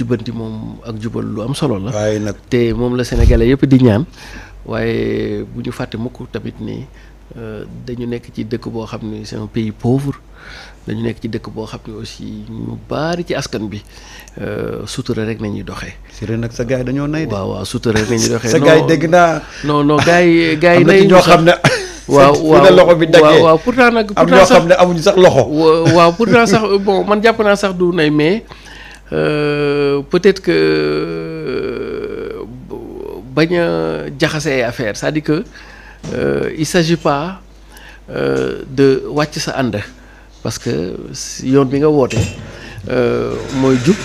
jubbanti moom ak jubal lu am solo la. waaye nag te moom la sénégalais yëpp di ñaan waaye bu ñu fàtte mukk tamit ni euh, dañu nekk ci dëkk boo xam ni c'est un pays pauvre dañu nekk ci dëkk boo xam ni aussi ñu baari ci askan bi euh, sutura rek nañuy doxee. sëriñ nag sa gars yi dañoo nay de. waaw waaw sutura rek nañuy doxee. sa gars yi dégg naa. non non gars yi gars yi. xam ne. waaw waaw loxo bi daggee waaw pourtant nag. pourtant sax man jàpp naa sax du nay mais. Euh, peut-être que euh, bañ a jaxase ay affaire cest à que euh, il s'agit pas de wàcc sa ànd parce que yoon bi nga woote mooy jub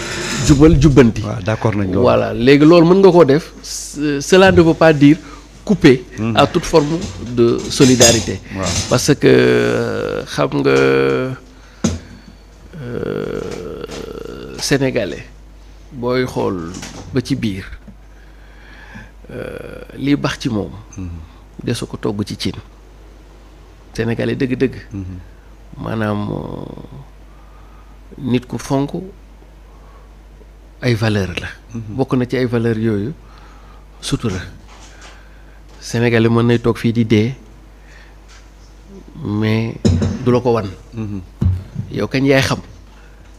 jubal jubbanti. waaw d'accord voilà léegi loolu mën nga koo def cela ne veut pas dire couper. Mmh. à toute forme de solidarité. parce que xam nga. sénégalais booy xool ba ci biir euh, lii baax ci moom. Mm-hmm. desu ko togg ci cin. sénégalais dëgg-dëgg. Mm-hmm. maanaam euh, nit ku fonk ay valeur la. Mm-hmm. bokk na ci ay valeur yooyu sutura. sénégalais mën nay toog fii di dee mais du la ko wan. yow kañ yaay xam.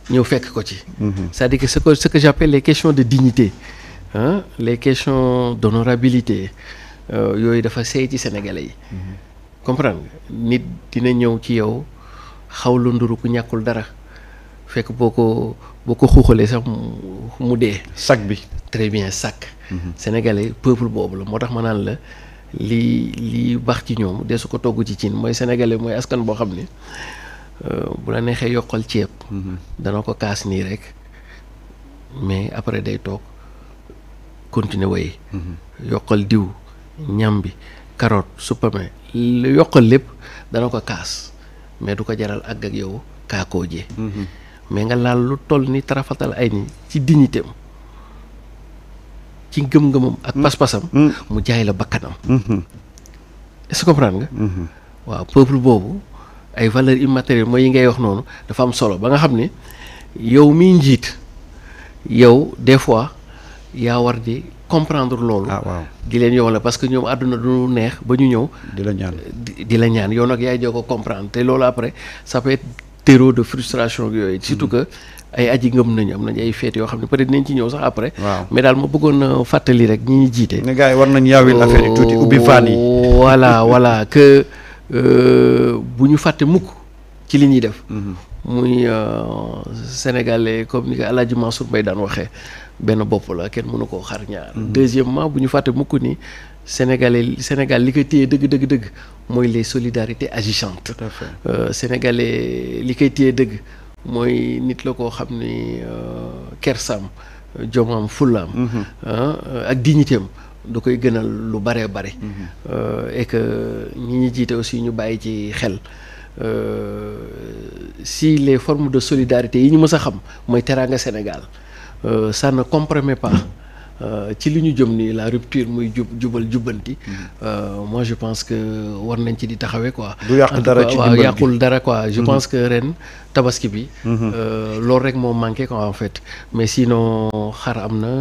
ñëw fekk ko ci mhm. c'est-à-dire que ce que ce que j'appelle les questions de dignité ah les d'honorabilité euh, yooyu dafa seey ci sénégalais yi mhm. comprendre nit dina ñëw ci yow xaw la nduru ku ñàkkul dara fekk boo ko boo ko xuuxalee sax mu dee sac bi très bien sac mhm. sénégalais peuple boobu la moo tax ma naan la lii lii baax ci ñoom de su ko togg ci cin mooy sénégalais mooy askan boo xam ne Euh, bu la neexee yokkal ceeb. Mhm. dana ko kaas nii rek mais après day toog continuer waye mhm. yokkal diw ñam bi carotte supame yokkal lépp dana ko kaas mais du ko jaral àgg ak yow kaakoo jee mhm. mais nga laal lu toll ni tarafatal ay ni ci dignité am ci ngëm-ngëmam ak mm. pas-pasam mm. mu jaay la bakkanam est-ce nga waaw peuple boobu ay valeurs immatérielles mooy yi ngay wax noonu dafa am solo ba nga xam ne yow miy njiit yow des fois yaa war di comprendre loolu. ah waaw di leen yow la parce que ñoom àdduna du neex ba ñu ñëw. di la ñaan di la ñaan yow nag yaay joo ko comprendre te loolu après ça peut être terreau de frustration yooyu. surtout mm-hmm. que ay aji ngëm nañu am nañu ay feet yoo xam ne peut être dinañ ci ñëw sax après. waaw mais daal ma bëggoon fàttali rek ñi ñuy jiite. ne gars yi war nañu yaawil affaire yi tuuti Euh, bu ñu fàtte mukk ci li ñuy def. Mhm. muy euh, sénégalais comme ni ko El Hadj Mansour Mbaye daan waxee benn bopp la kenn mënu koo xar ñaar. Mhm. deuxièmement bu ñu fàttee mukk ni sénégalais Sénégal li ko téye dëgg dëgg dëgg mooy les solidarités agissantes. tout à fait euh, sénégalais dëgg mooy nit la koo xam ni kersaam jomaam fullaam. Mhm. Ah, ak dignitéem du koy gënal lu bare bare mhm. euh, et que ñi ñi jiite aussi ñu bàyyi ci xel euh, si les formes de solidarité yi ñu mës a xam mooy teraanga Sénégal euh, ça ne compromet pas Euh, ci li ñu jëm nii la rupture muy jub jubal jubbanti. Hmm. Euh, moi je pense que war nañ ci di taxawee quoi. du yàq dara ci jubbanti dara quoi. je hmm. pense que ren tabaski bi. Hmm. Euh, loolu rek moo manqué ko en fait mais sinon xar am na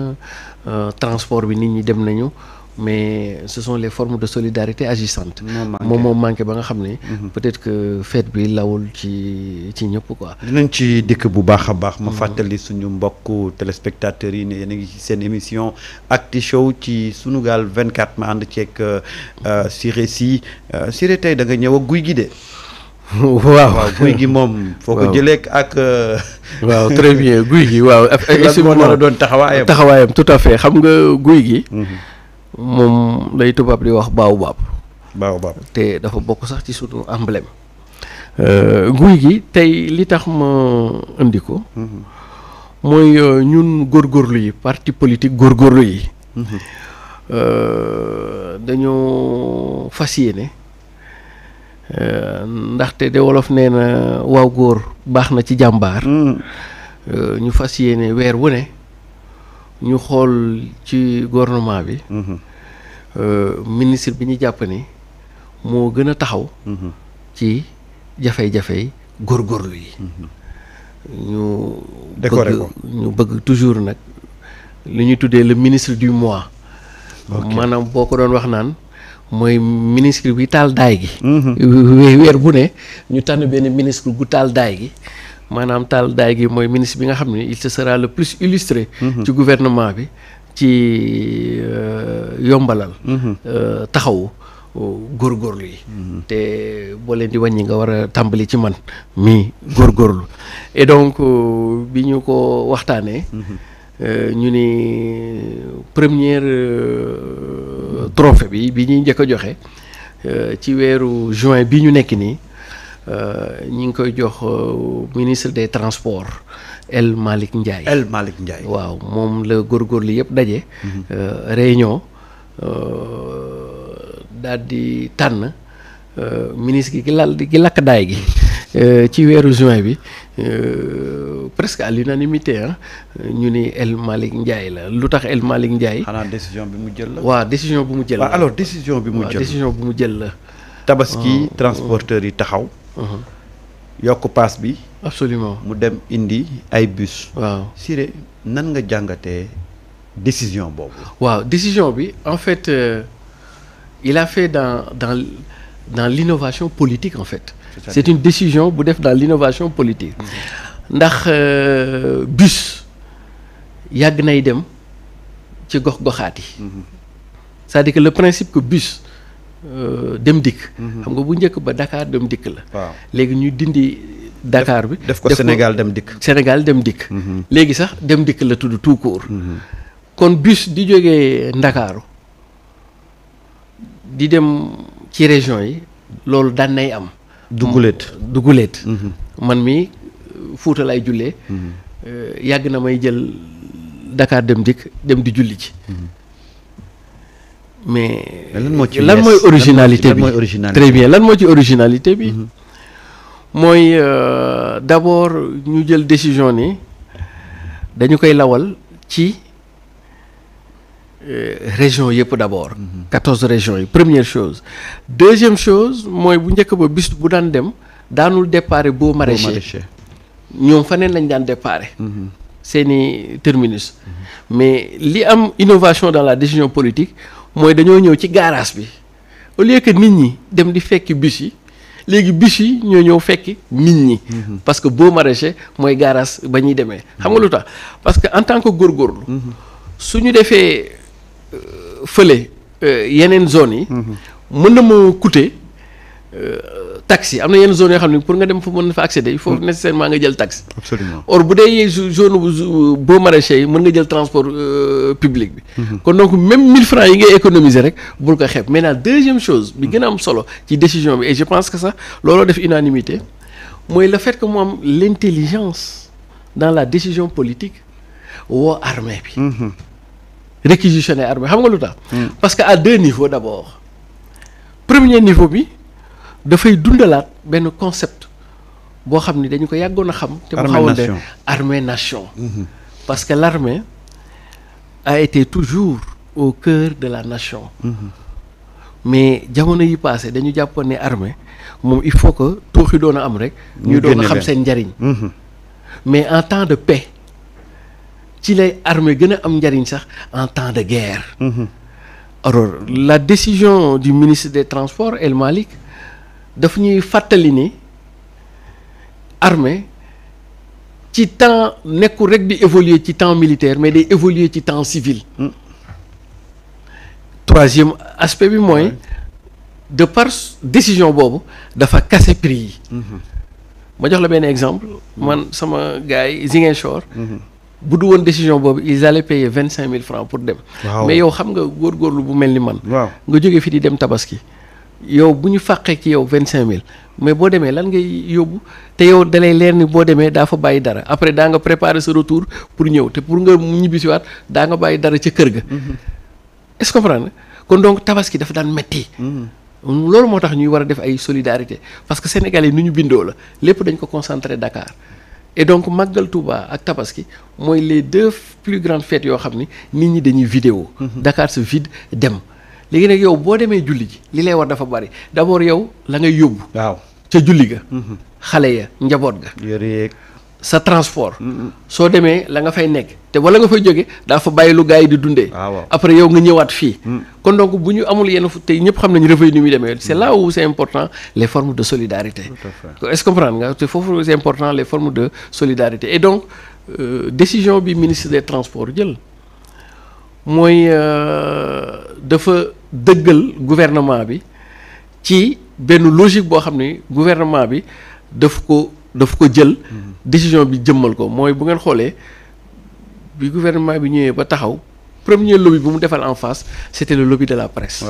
transport bi nit ñi dem nañu. mais ce sont les formes de solidarité agissantes moom moom manqué ba nga xam ne mhm. peut-être que fête bi lawul ci ci ñëpp quoi dinañ ci dikk bu baax a baax ma mhm. fàttali suñu mbokku téléspectateurs yi ne yéen ngi ci seen émission ak Actu Show ci Sunugal 24 ma ànd ceeg Siré euh, euh, Sy si euh, tey da nga ñëw ak guy gi de waaw guy gi moom. foo ko jëlee ak. waaw très bien guy gi waaw. ak effectivement lan moo doon taxawaayam taxawaayam tout à fait xam nga guy gi. Mhm. moom lay tubaab di wax baaw baab baaw te dafa bokk sax ci sunu emblème euh, guy gi tey li tax ma indi ko mhm. mooy euh, ñun góor góorlu yi parti góor góorlu yi mhm. euh, dañoo fas yéene ndaxte de wolof nee na waaw góor baax na ci jàmbaar mhm. ñu fas yéene weer wu ne ñu xool ci gouvernement bi. Mhm. Euh, ministre bi ñu jàpp ni moo gën a taxaw. Mhm. ci jafe-jafe góorgóorlu yi. Mhm. ñu bëgg bëgg toujours nag li ñuy tuddee le ministre du mois. maanaam boo ko doon wax naan mooy ministre bi taal daay gi. weer bu ne ñu tànn benn ministre gu taal daay gi. maanaam taal daay gi mooy ministre bi nga xam ne il se sera le plus illustré. Mhm. ci gouvernement bi ci euh, yombalal. Mhm. Euh, taxawu euh, góorgóorlu yi. Mhm. te boo leen di wàññi nga war a tàmbali ci man mii góorgóorlu et donc bi ñu ko waxtaanee. ñu ni première trophée bi bi ñuy njëkk a joxe ci weeru juin bi ñu nekk nii. Euh, ñi ngi koy jox euh, ministre des transports El Malick Ndiaye. Ndiaye waaw moom la góorgóorlu yëpp daje. Mhm. Euh, réunion daal di ministre gi lal gi lakk ci weeru juin bi. Euh, presque à l'unanimité ah ñu ni El Malick Ndiaye la lu tax El Malick Ndiaye. xanaa décision bi mu jël la. waaw décision bi mu jël la. décision bi mu jël la mu jël la. tabaski oh, oh. transporteurs yi taxaw. Uh-huh. yokk paas bi. absolument mu dem indi ay bus. waaw Siré nan nga jàngate décision boobu. waaw décision bi en fait euh, il a fait dans dans dans l'innovation politique en fait. c'est, c'est une décision bu def dans l'innovation politique. Mm-hmm. ndax euh, bus yàgg nay dem ci gox goxaat yi. Mm-hmm. cest que le principe que bus. Euh, dem dikk. xam nga bu njëkk ba dakaar dem dikk la. waaw léegi ñu dindi. dakaar bi def ko Sénégal dem dikk. Sénégal dem dikk. Mhm. léegi sax dem dikk la tudd tout court. Mhm. kon bus di jógee Ndakaaru di dem ci région yi loolu daan nay am. duguleet duguleet. Mhm. man mi euh, Fuuta laay jullee. Euh, yàgg na may jël dakaar dem dikk dem di julli ci. mais lan moo ci lan mooy originalité bi très bien lan moo ci originalité bi mm-hmm. mooy euh, d'abord ñu jël décision ni dañu koy lawal ci euh, région yëpp d'abord mm-hmm. quatorze régions yi première chose deuxième chose mooy bu njëkk ba bis bu daan dem daanul dépare boo maraîcher ñoom faneen lañ daan dépare mm-hmm. seeni terminus mais li am innovation dans la décision politique mooy dañoo ñëw ci garage bi au lieu que nit ñi dem di fekki bus yi léegi bus yi ñoo ñëw fekki nit ñi. Mhm. parce que boo maraîcher mooy garage ba ñuy demee. xam nga lu tax parce que en tant que góorgóorlu. Mhm. su ñu defee euh, fële euh, yeneen zones yi. Mhm. mën na ma coûter. Euh, taxi am na yenn zone yoo xam ni pour nga dem fa mën na fa accéder il faut mm. nécessairement nga jël taxi. or bu dee zone boo maraîcher yi mën nga jël transport euh, public bi. Mm-hmm. kon donc même 1000 francs yi ngay économiser rek bul ko xeeb maintenant deuxième chose. bi gën a am solo ci décision bi et je pense que sax looloo def unanimité mooy le fait que mu am l'intelligence dans la décision politique woo armée bi. Mm-hmm. réquisitionner armée xam nga lu tax. Mm. parce que à deux niveaux d'abord premier bi. dafay dundalaat benn concept boo xam ni dañu ko yàggoon a xam te mu xawoon de armée nation mhm. parce que l'armée a été toujours au cœur de la nation mhm. mais jamono yi passé dañu jàppoon ne armée moom il faut que tuuxi doon a am rek ñu doon a xam seen njariñ mhm. mais en temps de paix ci lay armée gën a am njariñ sax en temps de guerre la décision du ministre des transports El Malick dafa ñuy fàttali ni armée ci temps nekkul rek di évoluer ci temps militaire mais day évoluer ci temps civil mm. troisième aspect bi mooy de par décision boobu dafa casser prix yi hmm. ma jox la benn exemple man sama gars yi Ziguinchor hmm. bu du woon décision boobu ils allaient payer vingt cinq mille francs pour dem mais yow xam nga góor góorgóorlu bu mel ni man nga jóge fi di dem tabaski yow bu ñu fàqee ci yow vingt cinq mille mais boo demee lan ngay yóbbu te yow dalay leer ni boo demee daa fa bàyyi dara après daa nga préparer sa retour pour ñëw te pour nga ñibbisiwaat daa nga bàyyi dara ca kër ga. Mm-hmm. est-ce que comprendre kon donc tabaski dafa daan metti. Mm-hmm. loolu moo tax ñuy war a def ay solidarité parce que sénégalais yi nu ñu bindoo la lépp dañ ko concentré Dakar et donc màggal Touba ak tabaski mooy les deux plus grandes fêtes yoo xam ni nit ñi dañuy vidéo mm-hmm. Dakar se vide dem. léegi nag yow boo demee julli ji li lay war dafa bari d'abord yow la ngay yóbbu. waaw ca julli ga. Mm-hmm. xale ya njaboot ga. sa transport. Mm-hmm. soo demee la nga fay nekk te wala nga fay jóge daa fa bàyyi lu gars yi di dundee. Ah, après yow nga ñëwaat fii. Mm. kon donc bu ñu amul yenn te ñëpp xam nañu revenu ni muy demee. c' est là où c' est important les formes de solidarité. et ce que nga te foofu c' est important les formes de solidarité et donc euh, décision bi ministre des transports jël euh, dafa dëggal gouvernement bi ci benn logique boo xam ni gouvernement bi daf ko daf ko jël mhm. décision bi jëmmal ko mooy bu ngeen xoolee bi gouvernement bi ñëwee ba taxaw premier lobby bu mu defal en face c'était le lobby de la presse